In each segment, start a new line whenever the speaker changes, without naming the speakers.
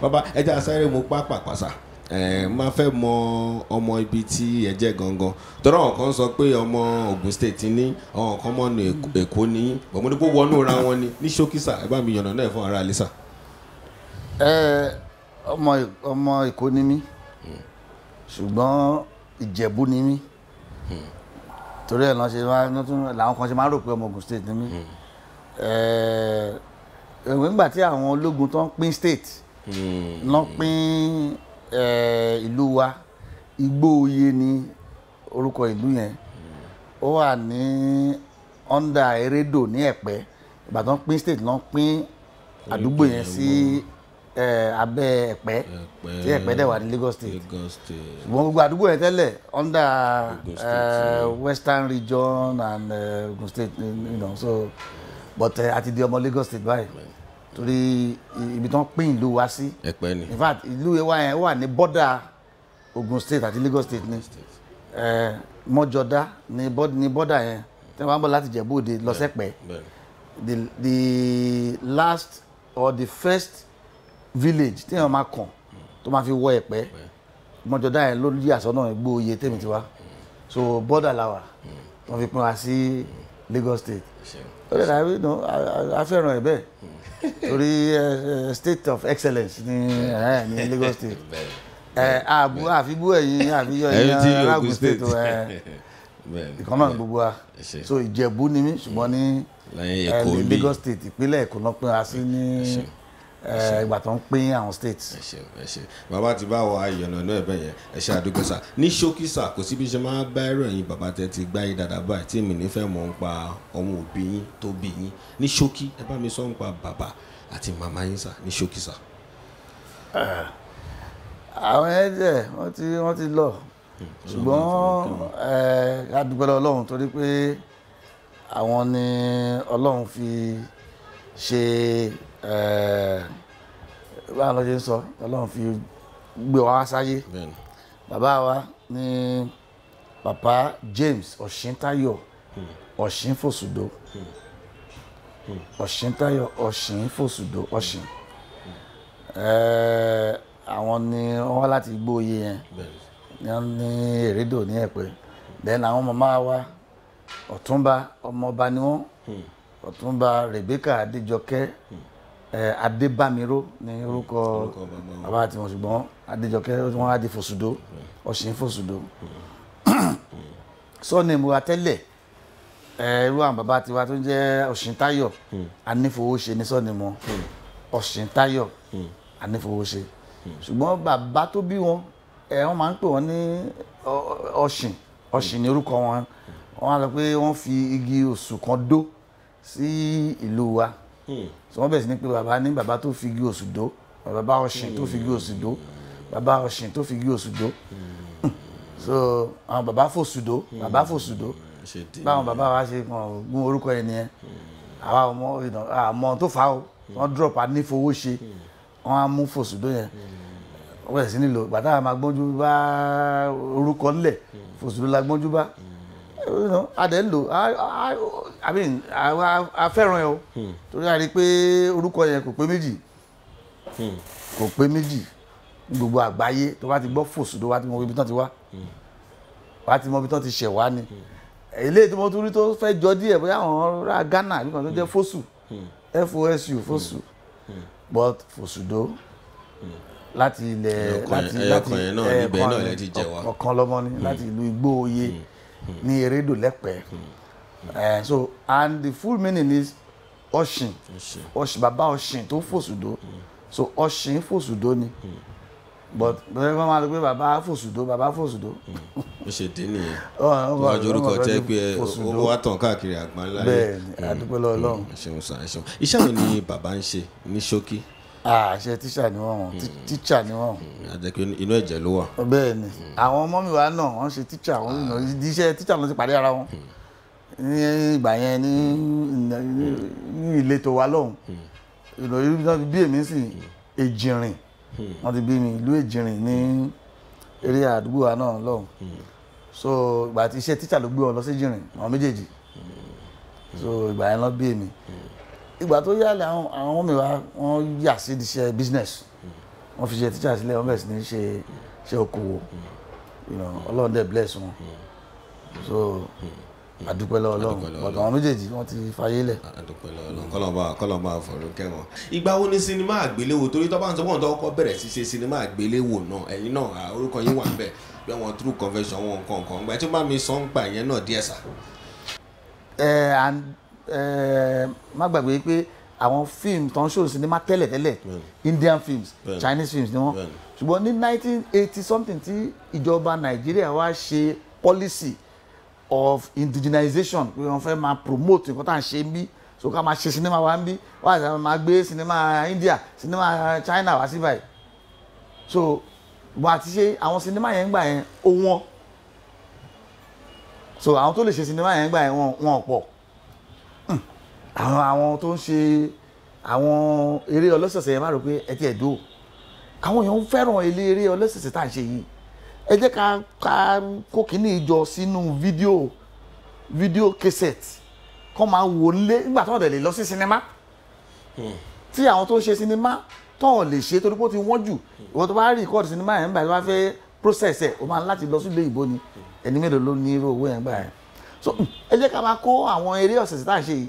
bàbá ẹja sáré mu pápá pàṣà máa fẹ́ mọ ọmọ ibi tí ẹ jẹ́ gangan tọ́lá àwọn kan sọ pé ọmọ Ogun State ní àwọn kan mọ́ ọ̀nà Èkó ní bọ̀mọdé kó wọnú ra wọn ni ní ṣókísà ẹ bá mi yànnà náà fún ara àlísà.
ẹ ọmọ ọmọ Èkó ni mí ṣùgbọ́n Ìjẹ̀bú ni mí torí ẹ̀ náà ṣe máa tún làwọn kan ṣe máa rò pé ọmọ Ogun State ni mí ẹ̀ẹ́dẹ̀gbẹ̀ngbà tí àwọn ológun tó ń pín state. Mm. Hmm. lọ́n pín ìlú wa Igbóoyè ni orúkọ ìlú yẹn hmm. ó wà ní ọ́ndà erédò ní Ẹ̀pẹ́ Ìbàdàn pín state lọ́n pín àdúgbò yẹn sí abẹ́ Ẹ̀pẹ́ tí Ẹ̀pẹ́ dẹ̀ wà ní Lagos state ṣùgbọ́n gbogbo àdúgbò yẹn tẹ́lẹ̀ ọ́ndà Western Region and Ogun state you know, so but ati di ọmọ Lagos state báyìí torí ibi tán pín ìlú wa sí Ẹ̀pẹ́ ni in fact ìlú wa yẹn wà ní bọ́dà Ogun State àti Lagos State ni mọ́jọ́dá ní bọ́dà yẹn tí wọ́n bá ń bọ̀ láti Jẹ̀bú Òde lọ the last or the first village tí wọ́n máa kàn tó máa fi wọ Ẹ̀pẹ́ mọ́jọ́dá yẹn ló yí àsọ náà oyè tèmi tiwa mm. so bọ́dà la wà mm. wọ́n fi pín wa sí mm. Lagos State ó lè dàbí afẹ́ràn ẹ̀ bẹ́ẹ̀ torí eh, eh, state of excellence Ni eh, ni Lagos state àbú àfibú ẹ̀yìn àfiyọ ẹ̀yìn Ogun state ìkànnà gbogbo wa so Ìjẹ̀bú ni mí ṣùgbọ́n ní Lagos state ìpínlẹ̀ Èkó náà pín wa sí ní ìgbà tó ń pín àwọn states. ẹ ṣe ẹ ṣe
bàbá ti bá wọ ayọ̀nà náà ẹ̀bẹ̀ yẹn ẹ ṣe àdúgbò sá ní ṣókí sá kò síbi ṣe máa bá ẹrọ ẹ̀yin bàbá tẹ ti gbá yín dáadáa báyìí tí mi nífẹ̀ẹ́ mọ̀ ń pa ọmọ òbí yín tó bí yín ní ṣókí ẹ bá mi sọ ń pa bàbá àti màmá yín sá ní ṣókí sá.
Ah, àwọn ẹ̀jẹ̀ wọ́n ti wọ́n ti lọ hmm, ṣùgbọ́n eh, adúgbò ọlọ́run torí pé àwọn ni ọlọ́run fi ṣe báwo ló sọ ọlọ́run fi gbé wa sáyé bàbá wa ní papa James Ọ̀ṣíntáyọ̀ hmm. Ọ̀ṣínfòsùdó hmm. Ọ̀ṣíntáyọ̀ Ọ̀ṣínfòsùdó Ọ̀ṣín hmm. àwọn ni wọ́n wá láti igbó oyè yẹn ní wọ́n ní èrèdò wa ọ̀túnba ọmọọba ni wọ́n ọ̀túnba Rebecca adébámiró ní orúkọ bàbá àti wọn ṣùgbọ́n adéjọkẹ́ wọn adé fòsùdó ọ̀sìn fòsùdó sọ́ọ̀nì mo wa tẹ́lẹ̀ irú àwọn bàbá tiwa tó ń jẹ́ ọ̀sìntáyọ̀ hmm. anífowóṣe ní sọ́ọ̀nì mo hmm. ọ̀sìntáyọ̀ hmm. anífowóṣe ṣùgbọ́n bàbá tó bí wọn ẹ wọn máa ń pè wọn ní ọ̀sìn ọ̀sìn ní orúkọ wọn wọn á lọ pé wọ́n fi igi òṣù kan dó sí ìlú wa. Hmm. so wọ́n bẹ̀rẹ̀ sí ní pé bàbá ní bàbá tó fi igi òsùdó bàbá ọ̀sìn tó fi igi òsùdó bàbá ọ̀sìn tó fi igi òsùdó hmm. so àwọn bàbá fòsùdó bàbá fòsùdó hmm. báwọn bàbá wa ṣe gún orúkọ yẹn nìyẹn àwa ọmọ àmọ́ tó fà ó wọ́n drop anífowó ṣe wọ́n á mú fòsùdó yẹn wọ́n bẹ̀rẹ̀ sí nílò gbàtà máa gbọ́njú bá orúkọ ńlẹ̀ fòsùdó la gbọ́njú bá. Mm you know adé lò i I mean a fẹ́ràn ẹ o hmm. torí a rí i pé orúkọ yẹn kò pé méjì hmm. kò pé méjì gbogbo àgbáyé tó bá ti gbọ́ fòsù tó bá ti mọ ibi tán ti wá wá hmm. ti mọ ibi tán ti ṣẹ̀ wá ni eléyìí tí mo tún rí tó fẹ́ jọ díẹ̀ bóyá àwọn ará Ghana àbí kan tó jẹ́ fòsù fosu fosu but fòsùdó láti ilẹ̀ láti ilẹ̀ ọkàn lọ́mọ ni láti ìlú igbó oyè. Mm ní erédò lẹ́pẹ́ hmm. hmm. eh, so and the full meaning is ọ̀sìn ọ̀sìn bàbá ọ̀sìn tó fòsùdó hmm. so ọ̀sìn fòsùdó ni but bẹ́ẹ̀ wọ́n máa lọ pé bàbá fòsùdó bàbá fòsùdó.
ó ṣe dín nìyẹn oh, oh, wọ́n jọ oh, orúkọ tẹ́ pé ó wá tàn káàkiri àgbáńlá yìí bẹ́ẹ̀ ni adúpẹ́ lọ́ọ́ lọ́hùn. ẹ ṣeun sàn ẹ ṣeun iṣẹ́ wo ni bàbá ń ṣe ní ṣókí
àṣẹ ah, tíṣà ni wọ́n tíṣà ni wọ́n.
àjẹkẹ hmm, inú ẹ̀jẹ̀ ló wà.
bẹ́ẹ̀ ni hmm. àwọn ọmọ mi wá náà wọ́n ṣe tíṣà wọ́n nà iṣẹ́ tíṣà ló ti pàdé ara wọn hmm. ní ìgbà yẹn ní ìletò wa lọ́hùn ìròyìn náà bí èmi sì èjìrìn wọ́n ti bí mi ìlú èjìrìn ní eré àdúgbò wa náà lọ́hùn so ìgbà tí iṣẹ́ tíṣà ló gbé wọn lọ sí jìrìn àwọn méjèèjì so ìgbà yẹn lọ bí èmi ìgbà tó yálẹ̀ àwọn àwọn mi wa wọ́n yà sí iṣẹ́ business wọ́n fi ṣe teacher sílẹ̀ wọ́n bẹ̀rẹ̀ sí ní ṣe ṣe okòwò ọlọ́run dẹ̀ bless wọn so àdúpẹ́ lọ́wọ́ ọlọ́run bàtà àwọn méjèèjì wọ́n ti fayé lẹ̀. àdúpẹ́ lọ́wọ́ ọlọ́run kọ́lọ́mà kọ́lọ́mà fọ̀rọ̀ kẹ́wọ̀n.
ìgbà wo ni sinimá àgbéléwò torí tọ́ba àti ọgbọ́n tó kọ́ bẹ̀rẹ̀ sí ṣe sinimá àgbéléwò náà ẹ̀yin náà orúkọ yín wà ń bẹ̀ bí wọ́n true convention wọn nǹkan nǹkan ìgbà tí ó bá mi sọ ń pa ìyẹn náà díẹ̀ sà.
ẹ eh, Eh, má gbàgbé pé àwọn fíìmù tó ń ṣòro sinimá tẹ́lẹ̀ tẹ́lẹ̀ Indian films ben. Chinese films ni wọ́n ṣùgbọ́n ní 1980 eighty something tí ìjọba Nàìjíríà wá ṣe policy of indigenization pé wọ́n fẹ́ máa promote nǹkan tá à ń ṣe bí so ká máa ṣe sinimá wa ń bí wọ́n àti máa gbé sinimá India sinimá China wá sí báyìí so bó a ti ṣe àwọn sinimá yẹn ń gbà yẹn ó wọ́n so àwọn tó lè ṣe sinimá yẹn ń gbà yẹn wọ́n ò àwọn àwọn tó ń ṣe àwọn eré ọlọ́sọ̀ọ̀sẹ̀ yẹn má rò pé ẹ ti ẹ̀ dó àwọn èèyàn ń fẹ́ràn ilé eré ọlọ́sọ̀ọ̀sẹ̀ tá à ń ṣe yìí ẹ jẹ́ ká ká kó kíní ìjọ sínú fídíò fídíò kẹsẹ̀tì kọ́ máa wò lé nígbà tó ọ̀dẹ̀ lè lọ sí sinimá hmm. tí àwọn tó ń ṣe sinimá tó ọ̀ lè ṣe torí pé ó ti wọ́n jù ìwọ tó bá rí rìkọ́ọ̀dù sinimá yẹn nígbà tó bá fẹ́ process ẹ̀ o máa láti lọ sílé ìbò ni ẹni mélòó ló ní irú owó yẹn gbà yẹn so ẹ jẹ́ ká máa kó àwọn eré ọ̀sẹ̀ tá à ń ṣe yìí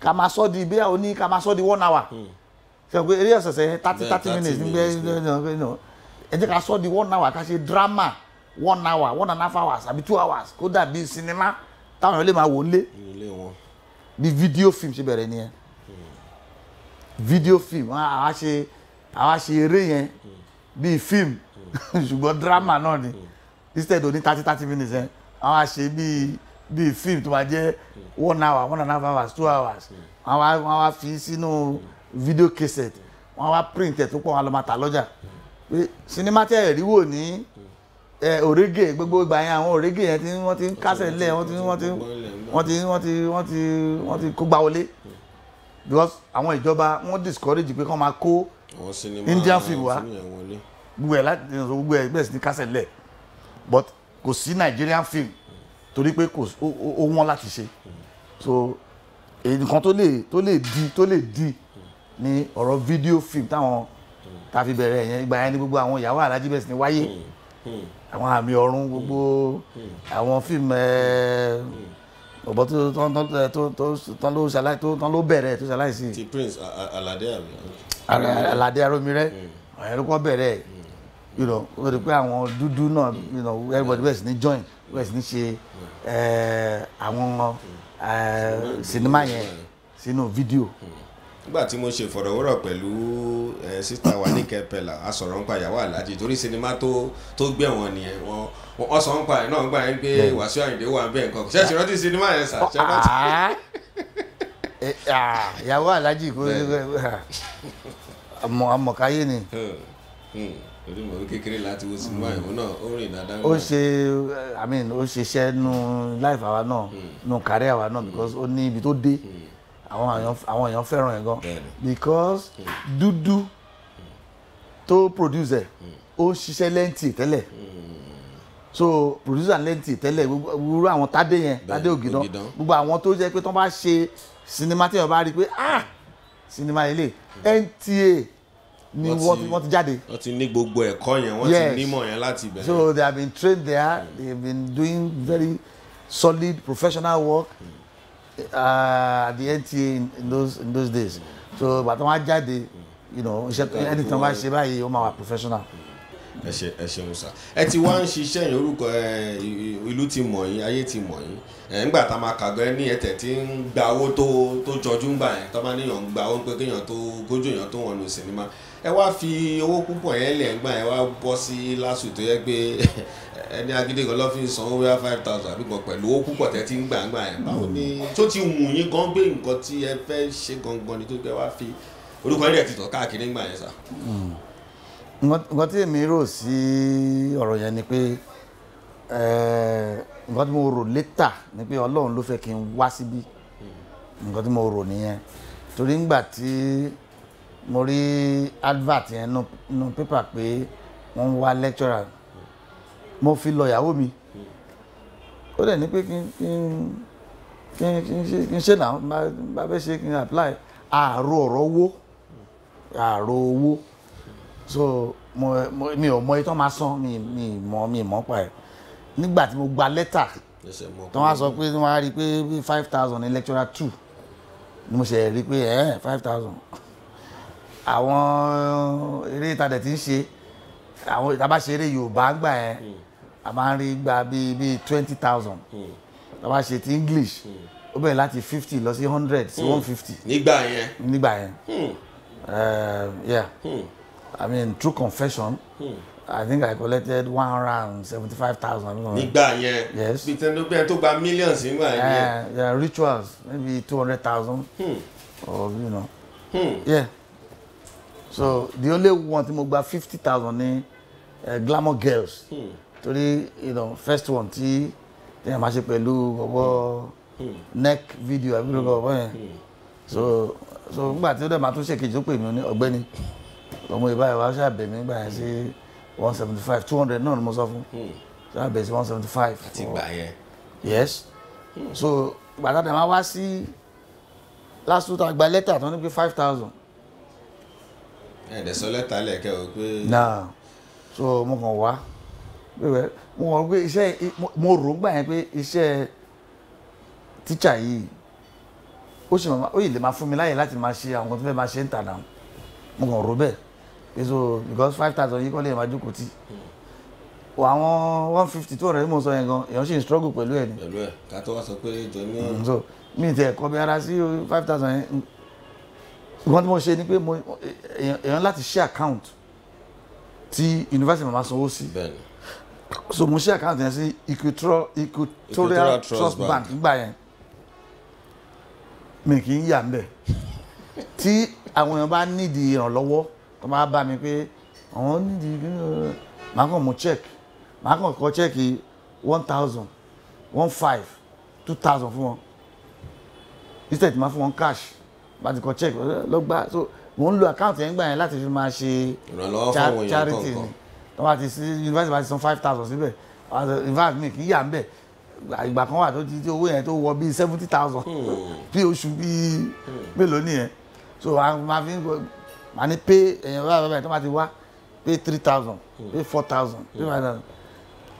ká máa sọ di bíyà ó ní ká máa sọ di one hour hmm. ṣe pé eré ọ̀sẹ̀sẹ̀ thirty thirty minutes nígbẹ́ ẹ jẹ́ ká sọ di one hour ká ṣe drama one hour one and a half hours àbí two hours kó dàbí sinimá táwọn ilé máa wò ń lé bí video film ṣe bẹ̀rẹ̀ nìyẹn hmm. video film àwa ṣe àwa ṣe eré yẹn hmm. bíi film ṣùgbọ́n drama náà ni instead oní thirty thirty minutes yẹn àwa ṣe bíi bíi film tó máa jẹ́ one hour one and a half hours two hours wọ́n wá wọ́n wá fi sínú video cassette wọ́n wá print ẹ̀ tó pọ̀ wọ́n lọ máa tà lọ́jà pé sinimá tẹ̀ ẹ̀rí wò ní òrégè gbogbo ìgbà yẹn àwọn òrégè yẹn tí wọ́n ti ń kásẹ̀ lẹ̀ wọ́n ti wọ́n ti wọ́n ti wọ́n ti wọ́n ti wọ́n ti kó gbà wọlé because àwọn ìjọba wọ́n discourage pé kán máa kó
Indian film wa
gbogbo ẹ̀ láti gbogbo ẹ̀ bẹ̀rẹ̀ sí ní kásẹ̀ lẹ̀ but kò sí Nigerian film torí pé kò ó wọ́n láti ṣe so nǹkan tó lè tó lè di tó lè di ni ọ̀rọ̀ fídíò fíìm táwọn ta fi bẹ̀rẹ̀ yẹn ìgbà yẹn ni gbogbo àwọn ìyàwó alájí bẹ̀rẹ̀ sí ni wáyé hmm. Hmm. àwọn àmì ọ̀run gbogbo àwọn fíìmù ọ̀bọ tó ló ṣaláì tó ló bẹ̀rẹ̀ tó ṣaláì sí. ti Prince Alade àmì. Alade Aromire hmm. ọ̀yẹ́rú kọ́ bẹ̀rẹ̀ you know o rí pé àwọn dúdú náà you know everybody bẹ̀rẹ̀ sí join bẹ̀rẹ̀ sí ní ṣe eh, àwọn sinimá eh, yẹn sínú fídíò.
nígbà tí mo ṣe ìfọ̀rọ̀wérọ̀ pẹ̀lú eh, sísá wa ní kẹpẹlà a sọ̀rọ̀ nípa ìyàwó aláàjì torí sinimá tó gbé wọn nìyẹn wọn wọn sọ nípa ẹ̀ náà nígbà yẹn pé Wàsíù Àyìndé wà ń bẹ̀ nǹkan ṣé ti rántí sinimá yẹn sà ṣé rántí.
Ah, ah, ìyàwó aláàjì kò àmọ̀káyé ah, ni. Hmm, hmm torí mo kékeré láti wo sinimá mm. ìwọ náà ó rìn dáadáa. ó ṣe i mean ó ṣiṣẹ́ nù life àwa náà mm. nù career àwa náà mm. because ó ní ibi tó dé àwọn èèyàn àwọn èèyàn fẹ́ràn ẹ̀ gan because dúdú tó producer ó ń ṣiṣẹ́ lẹ́ǹtì tẹ́lẹ̀ so producer lẹ́ǹtì tẹ́lẹ̀ gbogbo àwọn tádé yẹn tádé ògidán gbogbo àwọn tó jẹ́ pé tó bá ṣe sinimá tí wọ́n bá rí i pé ah sinimá ilé nta ni wọ́n
ti jáde. wọ́n ti ní gbogbo ẹ̀kọ́ yẹn wọ́n ti nímọ̀ yẹn láti bẹ̀rẹ̀. so
they have been trained there mm. they have been doing very solid professional work uh, at the NTA in, in those in those days so bàtà wọn á jáde hmm. you know iṣẹ́ ẹni hmm. tí wọ́n bá hmm. ṣe báyìí wọ́n máa wà professional. Mm ẹ ṣe ẹ ṣeun sà
ẹ ti wá ń ṣiṣẹ́ yẹn orúkọ ìlú ti mọ̀ yín ayé ti mọ̀ yín ńgbà tá a máa kàgbẹ́ ní ẹ̀tẹ̀ tí ń gba owó tó tó jọjú ńgbà yẹn tó bá níyàn ń gba owó pé kéèyàn tó gójú èèyàn tó wọnú sinimá ẹ wá fi owó púpọ̀ yẹn lẹ̀ ńgbà yẹn wá bọ́ sí lásù tó yẹ pé ẹni agídégan ló fi san owó yá five thousand àbí gan pẹ̀lú owó púpọ̀ tẹ́ ti ń gbà ńgbà yẹn báwo ni tó ti wù yín gan gbé nǹkan tí ẹ fẹ́ ṣe gangan ni tó gbẹ wá fi orúkọ
nǹkan tí èmi rò sí ọ̀rọ̀ yẹn ni pé nǹkan tí mo rò létà ni pé ọlọ́run ló fẹ́ kí n wá síbí nǹkan tí mo rò nìyẹn torí ngbà tí mo rí advert yẹn nínú pépà pé wọ́n ń wá lecturer mo fi lọ ìyàwó mi ó dẹ̀ ní pé kí n kí kí n ṣe náà bá fẹ́ ṣe kí n apply ààrò ọ̀rọ̀ owó ààrò owó so mo mi ò mọ iye tó máa san mi mi mọ mi mọ pa ẹ nígbà tí mo gba lẹ́tà tó wá sọ pé wọ́n á rí i pé five thousand ní lecturer two ni mo ṣe rí i pé ẹ̀ five thousand àwọn eré ìtàdẹ̀ tí ń ṣe àwọn ìtàbá ṣe eré Yorùbá ń gbà yẹn hmm. a máa ń gba bíi bíi twenty thousand ìtàbá hmm. ṣe ti English hmm. ó bẹ̀rẹ̀ láti fifty lọ sí hundred sí one fifty. nígbà yẹn nígbà Yeah. I mean true confession. Hmm. I think I collected one hundred seventy-five thousand. Nígbà
yẹn. Yes. Bí tẹnu bí ẹni tó gba millions nígbà yẹn. Eh,
there are rituals maybe two hundred thousand. Hmm. Or you know. Hmm. Yeah. So the only one tí mo gba fifty thousand ní uh, eh, Glamour Girls. Hmm. Torí you know first one tí tẹ̀yàn máa ṣe pẹ̀lú ọwọ́ hmm. neck video àbí lóko ọ̀bọ yẹn. Hmm. So so nígbà tí ó dẹ̀ máa tún ṣèkejì ó pè mí ní ọ̀gbẹ́ni ọmọ ìbá ìwà ṣàbẹ̀ mi gbà yẹn sí one seventy five two hundred náà ni mo sọ fún hmm. ṣàbẹ̀ sí one seventy five. àti gbà yẹn. yes mm. so gbàtà tẹ̀ máa wá sí last two thousand gba lẹ́tà tó ní pé five thousand. ẹ̀ ẹ̀ sọ lẹ́tà lẹ́kẹ̀ o pé. naa so mo kàn wá pé mo rò pé iṣẹ́ mo rò gbà yẹn pé iṣẹ́ tíṣà yìí ó sì máa ó yìí lè máa fún mi láyè láti máa ṣe àwọn tó fẹ́ máa ṣe ń tà náà mo kàn rò bẹ́ẹ̀ so because five thousand yìí kọ́ lè máa jókòó tì àwọn one fifty two ọ̀rẹ́ mò ń sọ yẹn gan èèyàn sì ń struggle pẹ̀lú ẹ̀ ni. pẹ̀lú ẹ̀ ká tó wá sọ pé jọ ní. Mm, so mi tẹ ẹ̀kọ́ mi ara sí five thousand yẹn nǹkan tí mo ṣe ni pé mo èèyàn láti ṣe account tí university mama sanwó sí so mo ṣe account yẹn sí equatorial trust bank nígbà yẹn mi kì í yà ń bẹ̀ tí àwọn èèyàn bá nídìí ìrànlọ́wọ́ tó máa bá mi pé àwọn nídìí màá kàn mú check màá kàn kọ check one thousand one five two thousand fún wọn instead máa fún wọn cash bá ti kọ check lọ so mò ń lo àkáǹtì yẹn gbà yẹn láti fi máa ṣe charity ni tó bá ti sí university bá ti san five thousand síbẹ̀ invite me kì í yà ń bẹ̀ ìgbà kan wà tó ti owó yẹn tó wọ bíi seventy thousand hmm. bí oṣù bíi hmm. mélòó nìyẹn so máa fi ń màá ní pé èèyàn bá bàbá yẹn tó bá ti wá pé three thousand hmm. pé four thousand pé hmm. five thousand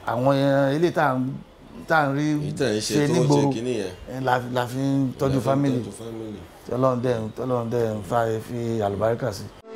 àwọn ilé tá à ń tá à ń rí ṣe nígboro la fi ń tọ́jú family tọ́lọ́ndẹ̀ tọ́lọ́ndẹ̀ fi àlùbáríkà sí i.